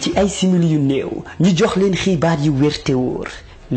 ci ay simili yu néew ñu jox leen xibaar yu wér te wóor.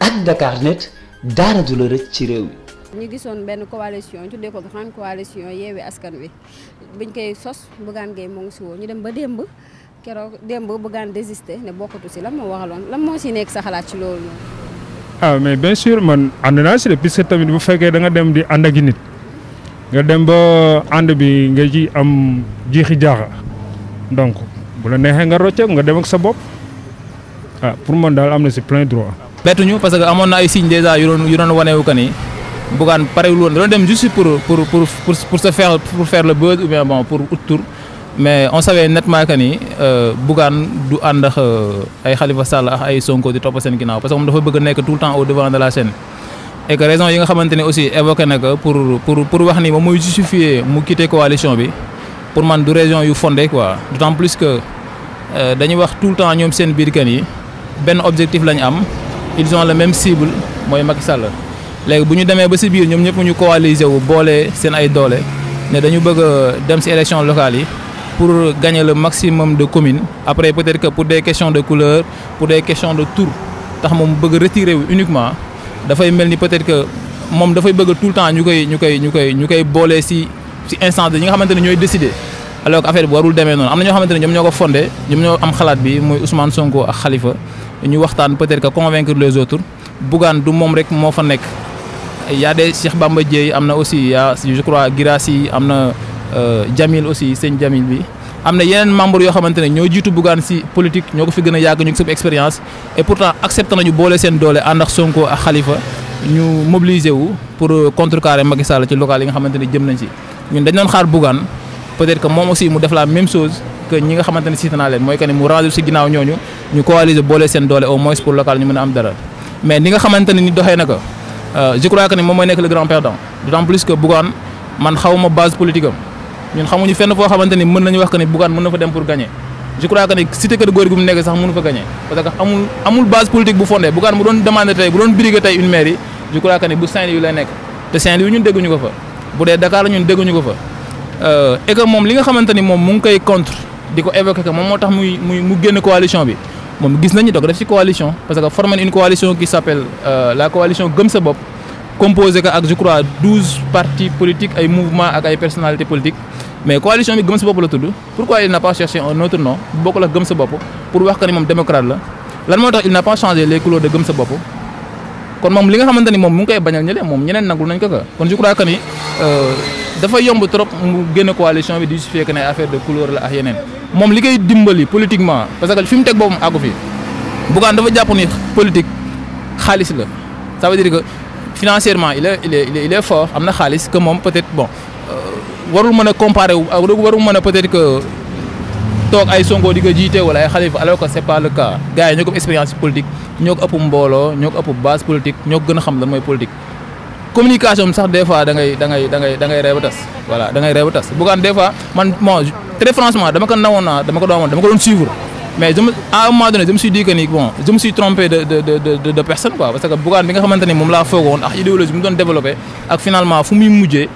ak Dakarnet daara du la rëcc ci réew mi. ñu gisoon benn coalition ñu tuddee ko grande coalition yeewi askan wi biñ koy sos Bougane Gueye moo ngi si woo ñu dem ba démb keroog démb Bougane désisté ne bokkatu si la moo waxaloon lan moo si nekk sa xalaat ci loolu ah mais bien sûr man ànd naa si de puisque tamit bu fekkee da nga dem di ànd ak nit nga dem ba ànd bi nga ci am jiixi jaaxa bu la neexee nga rocceeku nga dem ak sa bopp ah pour man daal am na si plein droit. bettuñu parce que amoon na ay signes déjà yu doon yu doon wane wu que ni doon dem juste pour pour pour pour se faire ou bien bon pour ut mais on savait nettement que ni euh, Bougane du ànd ak euh, ay Khalifa Sall ak ay Sonko di topp seen ginnaaw parce que moom dafa bëgg nekk tout le temps au devant de la scène. et raison yi nga xamante aussi évoqué na pour pour wax ni moom Euh, dañuy wax tout le temps ñoom seen biir kan yi benn objectif lañu am ils ont la même cible mooy mag Sall léegi bu ñu demee ba si biir ñoom ñëpp ñu coaliser wu boole seen ay doole ne dañu bëgg dem si élection locale yi pour gagner le maximum de commune après peut-être que pour de questions de couleur pour des questions de tour tax moom bëgg retirer wu uniquement dafay mel ni peut-être que moom dafay bëgg tout le temps ñu koy ñu koy ñu koy ñu koy boolee si si instance yi nga xamante ne ñooy décider. alors que affaire bi warul demee noonu am na ñoo xamante ne ñoom ñoo ko fondé ñoom ñoo am xalaat bi muy Ousmane Sonko ak Khalifa ñu waxtaan peut-être que convaincre les autres Bougane du moom rek moo fa nekk. y a des Cheikh Bamba Dièye am na aussi y a je crois Girassi am na euh, Jamil aussi sëñ Jamil bi am na yeneen membres yoo xamante ne ñoo jiitu Bougane ci politique ñoo ko fi gën a yàgg ñu ngi sëb expérience et pourtant accepté nañu boole seen doole ànd ak Sonko ak Khalifa ñu mobiliser wu pour euh, contrecarrer Macky Sall ci local yi nga xamante ne jëm nañ ci dañ doon xaar peut-être que moom aussi mu def la même chose ñi nga xamante ne mooy que mu raadu si ginnaaw ñooñu ñu coaliser boole seen doole au moins pour local ñu mën a am dara mais ni nga xamante ni doxee na ko euh, moom mooy nekk le grand perdant d'autant plus que Bougane man xaw base politique ñun xamuñu fenn foo xamante mën nañu wax que ni mën na fa dem pour gagner je crois kër góor gu mu nekk sax mënu fa gagner parce Euh, et moom li nga xamante ni moom mu ngi koy contre di ko évoqué que moom moo tax muy muy mu génn coalition bi moom gis nañu da ko def ci coalition parce que formé une coalition qui s'appelle euh, la coalition gëm sa bopp composé ko ak je crois douze partis politiques ay mouvement ak ay personnalités politiques mais coalition bi gëm sa bopp la tudd pourquoi il n'a pas cherché un autre nom bokk la gëm sa bopp pour wax que ni moom démocrate la lan moo tax il n'a pas changé les couleurs sa bopp kon moom li nga xamante ni moom mu ngi koy bañal ñële moom ñeneen nagul nañ ko ko kon je crois que ni euh, dafa yomb trop mu génn coalition bi di justifier que ne affaire de couleur la ak yeneen moom li koy dimbali politiquement parce que fi mu teg boppam àggu fi Bougane dafa jàpp ni politique xaalis la ça veut dire que financièrement il est il est am na xaalis que moom peut-être bon euh, warul mën a comparer warul mën a peut-être que. toog ay Sonko di ko jiite wala ay Khalifa alors que c'est pas le cas gars yi ko expérience politique ñoo ko ëpp mbooloo ñoo ko ëpp base politique ñoo ko gën a xam lan mooy politique. communication sax des fois da ngay tas voilà da ngay tas Bougane des fois man bon très dama ko nawoon dama ko doon suivre. mais je me à un moment donné bon je me suis de de de de de personne quoi parce que Bougane bi nga xamante ni moom laa foogoon ak idéologie bi mu doon développé ak finalement fu muy mujjee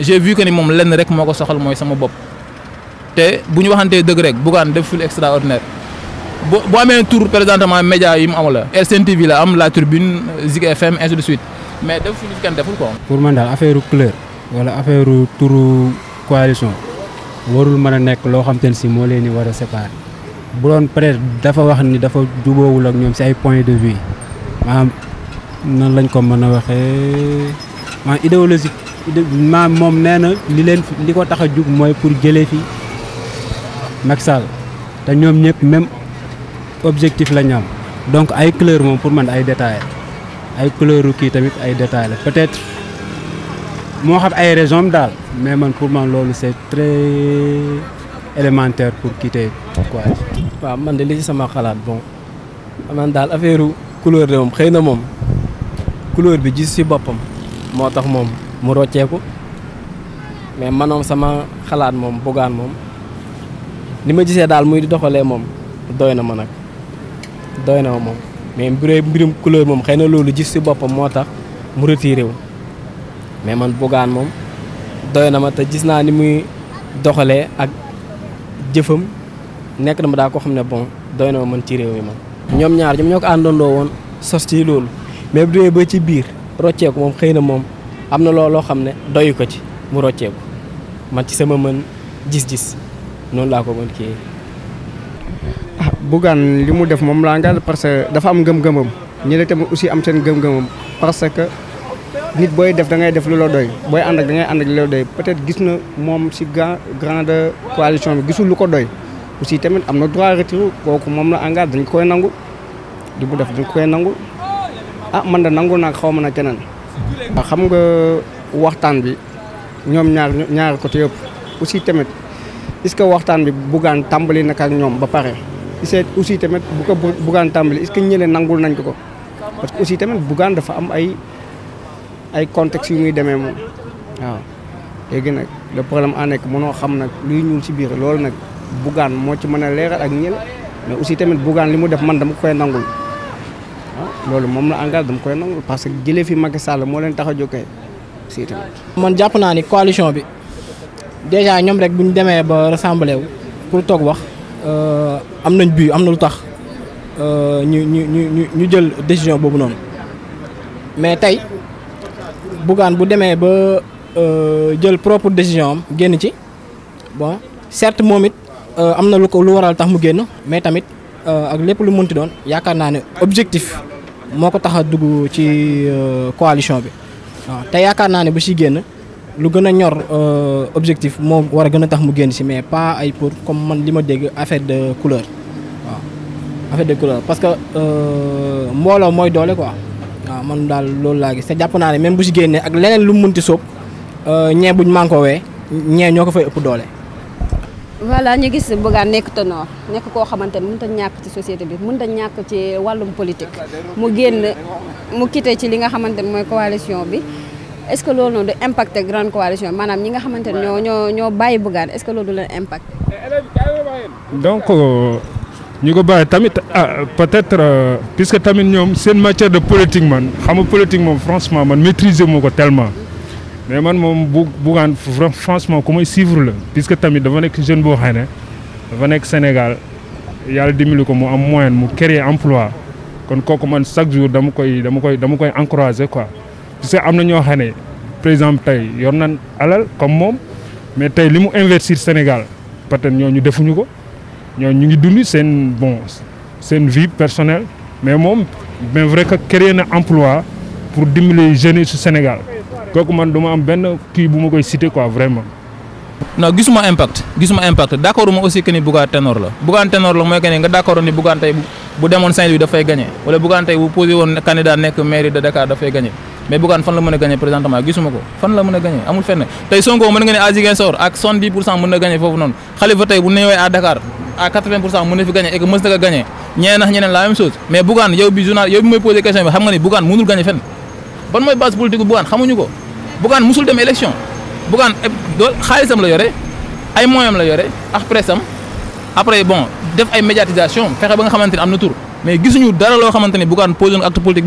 j'ai vu que rek moo ko soxal mooy sama bopp. te bu ñu waxantee dëgg rek Bougane def fi lu extraordinaire bu bu amee tour présentement média yi mu am la RCN la am La Tribune Zik FM ainsi de suite mais def fi lu kenn deful quoi. pour man daal affaire couleur wala affaire turu coalition warul mën a nekk loo xam te ne si moo leen di war a séparer bu doon peut dafa wax ni dafa jubóowul ak ñoom si ay point de vue maanaam nan lañ ko mën a waxee maanaam idéologique maanaam moom nee na li leen li ko tax a jug mooy pour jëlee fi. Macky Sall te ñoom ñëpp même objectif la ñu donc ay couleur moom pour man ay détails ay couleur kii tamit ay détails la peut-être moo xam ay raisons daal mais man pour man loolu c'est très élémentaire pour quitter quoi. waaw man de li ci sama xalaat bon man daal affaire couleur de moom xëy na moom couleur bi gis ci boppam moo tax moom mu rocceeku mais manoom sama xalaat moom bugaan moom. ni ma gisee daal muy di doxalee moom doy na ma nag doy na ma moom mais mbirum couleur moom xëy na loolu gis si boppam moo tax mu retiré wu mais man Bougane moom doy na ma te gis naa ni muy doxalee ak jëfam nekk na ma daa ko xam ne bon doy na ma man ci réew mi man. ñoom ñaar ñoom ñoo ko àndandoo woon sos ci loolu mais bu dee ba ci biir rocceeku moom xëy na moom am na looloo xam ne doyu ko ci mu rocceeku man ci sama man gis-gis. noonu laa ko mën kii. ah Bougane li mu def moom la ngal parce que dafa am ngëm gëm-gëmam ñeneen tamit aussi am seen gëm-gëmam parce que nit booy def da ngay def lu la doy booy ànd ak da ngay ànd ak lu la doy peut-être gis na moom si grand grande coalition bi gisul lu ko doy aussi tamit am na droit retirer kooku moom la engagé dañ koy nangu di mu def dañ koy nangu ah man da nangu naag xaw ma na keneen. Ah, xam nga waxtaan bi ñoom ñaar ñaar côté yëpp aussi tamit. est-ce que waxtaan bi Bougane tàmbali nag ak ñoom ba pare c'est aussi tamit bu ko Bougane tàmbali est-ce que ñeneen nangul nañ ko ko parce que aussi tamit Bougane dafa am ay ay contexte yu muy demee moom waaw léegi nag le problème en nekk mënoo xam nag luy ñuul ci biir loolu nag Bougane moo ci mën a leeral ak ñële mais aussi tamit Bougane li mu def man dama koy nangul ah, loolu moom la engagé dama koy nangul parce que jëlee fii Macky Sall moo leen tax a jógee aussi tamit man jàpp naa ni coalition bi déjà ñoom rek bu ñu demee ba rassemblé wu pour toog wax euh, am nañ bu am na lu tax euh, ñu ñu ñu ñu jël décision boobu noonu mais tey Bougane bu demee ba euh, jël propre décision am génn ci bon certes moom it am na lu ko lu waral tax mu génn mais tamit ak lépp lu mun mënti doon yaakaar naa ne objectif moo ko tax a dugg ci coalition bi waaw te yaakaar naa ne bu si génn. lu gën a ñor euh, objectif moo war a gën a tax mu génn si mais pas ay pour comme man li ma dégg affaire de couleur waaw affaire de couleur parce que euh, mbooloo mooy doole ko waaw man daal loolu laa gis te jàpp naa ne même bu si génnee ak leneen lu mu munti sóob euh, ñee buñ mànkoowee ñee ñoo ko fay ëpp doole. voilà ñu gis bëggaan nekk ténor nekk koo xamante ne mënut a ñàkk ci société bi mënut a ñàkk ci wàllum politique mu génn mu quitté ci li nga xamante ne mooy coalition bi. est-ce que loolu noonu du impacter grande coalition maanaam ñi nga xamante ne ñoo ñoo ñoo bàyyi Bougane est-ce que loolu du leen impacter. donc euh, ñu ko bàyyi tamit ah, peut-être euh, puisque tamit ñoom seen matière de politique man xam nga politique moom franchement man maîtriser moo ko tellement mais man moom bu Bougane franchement ku may suivre la puisque tamit dafa nekk jeune boo xam ne dafa nekk Sénégal yàlla dimbali ko mu am moyen mu créer emploi kon kooku man chaque jour dama koy dama koy dama koy encourager quoi. parce que am na ñoo xam ne par exemple tey yor nañ alal comme moom mais tey li mu investir Sénégal peut ñoo ñu defuñu ko ñoo ñu ngi dund seen bon seen vie personnelle mais moom bien vrai que créer na emploi pour dimbali jeunes su Sénégal kooku man du ma am benn kii bu ma koy citer quoi vraiment. non gisuma impact gisuma impact d' accord ma aussi que ni Bougane ténor la Bougane ténor mooy que ni nga d' ni Bougane tey bu demoon Saint-Louis dafay gagné wala Bougane tey bu posé woon dafay gagné. mais Bougane fan la mën a gagné présentement gisuma ko fan la a gagné amul fenn tey Sonko mën nga ne à Ziguinchor ak 70 pour cent mën na gagné foofu noonu Khalifa tey bu néewee à Dakar à mën na fi gagné et que ko gagné ñeneen nax la même chose mais Bougane yow bi journal yow bi mooy posé question bi xam nga ni Bougane mënul gagné fenn ban mooy base politique Bougane xamuñu ko Bougane musul élection Bougane eh, doo xaalisam la yore ay moyens la yore ak après bon def ay médiatisation fexe ba nga xamante ni na tur mais loo xamante ni Bougane posé acte politique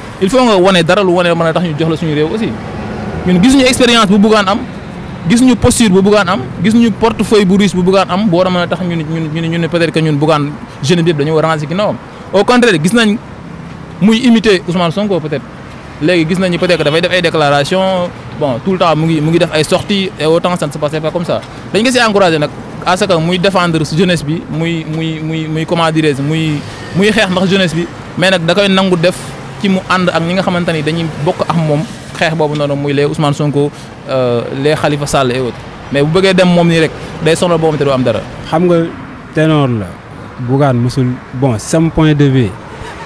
il faut nga wane dara lu wane mën a tax ñu jox suñu réew aussi ñun gis ñu expérience bu buggaan am gis ñu posture bu buggaan am gis ñu portefeuille bu riche bu buggaan am boo war a mën a tax ñun ñun ñun peut-être que ñun buggaan jeune bi yëpp dañoo ranger ginnaawam au contraire gis nañ muy imiter Ousmane Sonko peut-être léegi gis nañu peut-être que dafay def ay déclaration bon tout le temps mu ngi mu ngi def ay sorties et autant ça ne se passait pas comme ça dañ ko si encouragé nag à ce bi muy muy muy muy comment dirais-je muy muy xeex ndax jeunesse bi mais nag da koy nangu def. ci mu ànd ak ñi nga xamante ni dañuy bokk ak moom xeex boobu noonu muy les Ousmane Sonko euh, les Khalifa Sall et mais bu bëggee dem moom nii rek day sonal boo xam am dara. xam nga ténor la. Bougane mosul bon sama point de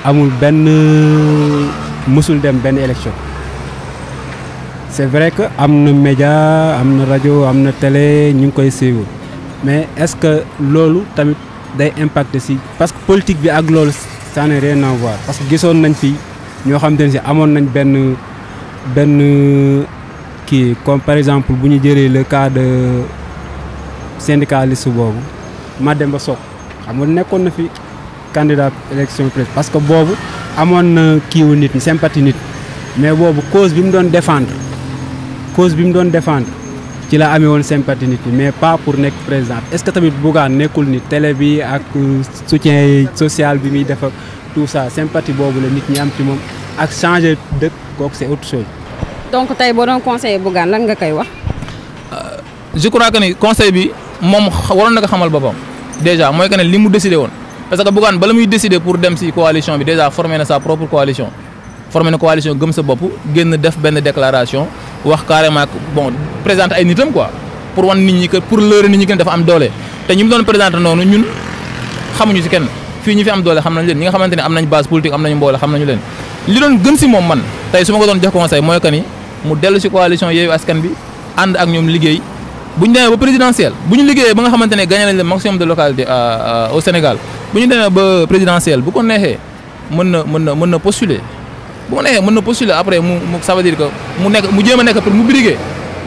amul benn mosul dem benn élection c'est vrai que am na média am na rajo am na tele ñu ngi koy suivre mais est-ce que loolu tamit day impacter si parce que politique bi ak loolu ça n'a rien parce que gisoon nañ fi. ñoo xam te si amoon nañ benn benn kii comme par exemple bu ñu jëree le cas de syndicaliste boobu Mademba Sock xam nga nekkoon na fi candidat élection présidentielle parce que boobu amoon na kiiwu nit ñu sympathie nit mais boobu cause bi mu doon defandre cause bi mu doon defandre ci la amee woon sympathie nit ñi mais pas pour nekk président est-ce que tamit Bougane nekkul ni télé bi ak soutien sociale bi muy defa tout ça sympathie boobu la nit ñi am ci moom ak changer dëkk kooku c'est autre chose. donc tey boo doon conseiller Bougane lan nga koy wax. Euh, je conseil bi moom waroon na ko xamal boppam déjà mooy que ne li mu décidé woon parce que Bougane bala muy décider pour dem ci coalition bi déjà formé na sa propre coalition. formé na coalition gëm sa bopp génn def benn déclaration wax carrément bon présente ay nitam quoi pour wan nit ñi que pour leurrer nit ñi que fii ñi fi am doole xam nañ leen ñi nga xamante ne am nañ base politique am nañu mboole xam nañu leen li gën si moom man tey su ma ko doon jox conseil mooy que ni mu dellu si coalition Yewwi Askan Wi ànd ak ñoom liggéey bu ñu demee ba présidentielle bu ñu liggéeyee ba nga xamante ne gagné nañ le maximum de localité euh, euh, au Sénégal bu ñu demee ba présidentielle bu mën na mën na mën na postuler na postuler après mu mu mu nekk mu jéem a mu briguer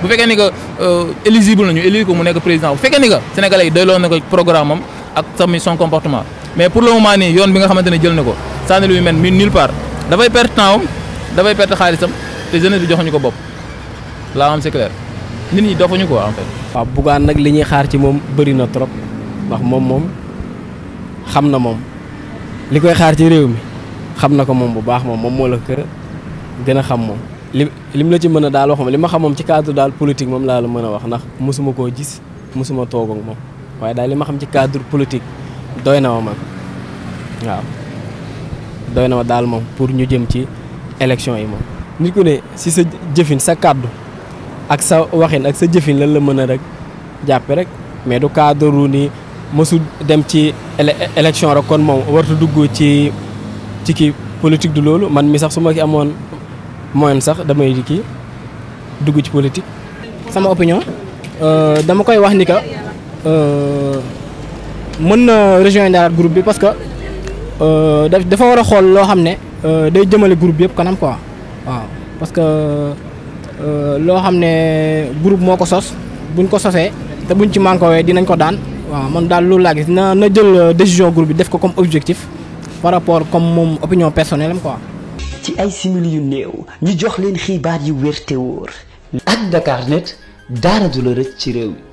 bu fekkee ni que euh, éligible nañu élire mu nekk président bu fekkee ni que sénégalais yi na ko programme am ak tamit son comportement mais pour le moment nii yoon bi nga xamante ne jël na ko sànni lu mel ni nulle paar dafay perte temps am dafay perte xaalisam te jeunesse bi joxuñu ko bopp laa am c'est clair nit ñi dofuñu ko en fait. waaw Bougane nag li ñuy xaar ci moom bëri na trop ndax moom moom xam na moom li koy xaar ci réew mi xam na ko moom bu baax moom moom moo la ko gën a xam moom. li lim la ci mën a daal wax ma li ma xam moom ci cadre daal politique moom laa la mën a wax ndax mosuma koo gis mosuma toog ak moom waaye daal li ma xam ci cadre politique. doy na ma man waaw dooy na ma daal moom pour ñu jëm ci élection yi moom. nit ku ne si sa jëfin sa kàddu ak sa waxin ak sa jëfin lan la mën a rek jàppe rek mais du cadre ni mësul dem ci élection rek kon moom wartu dugg ci ci kii politique du loolu man mi sax su ma ki amoon moyen sax damay di kii dugg ci politique. sama opinion euh, dama koy wax ni ka. mën na rejoindre group bi parce que euh, dafa war a xool loo xam ne euh, day jëmale groupe bi yëpp kanam quoi waaw parce que euh, loo xam ne groupe moo ko sos buñ ko sosee te buñ ci mànkowee dinañ ko daan waaw man daal loolu laa gis na na jël décision groupe bi def ko comme objectif par rapport comme moom opinion personnelle am quoi. ci ay simili yu néew ñu jox leen xibaar yu weer te wóor. ak Dakarnet dara du la rëcc ci réew mi.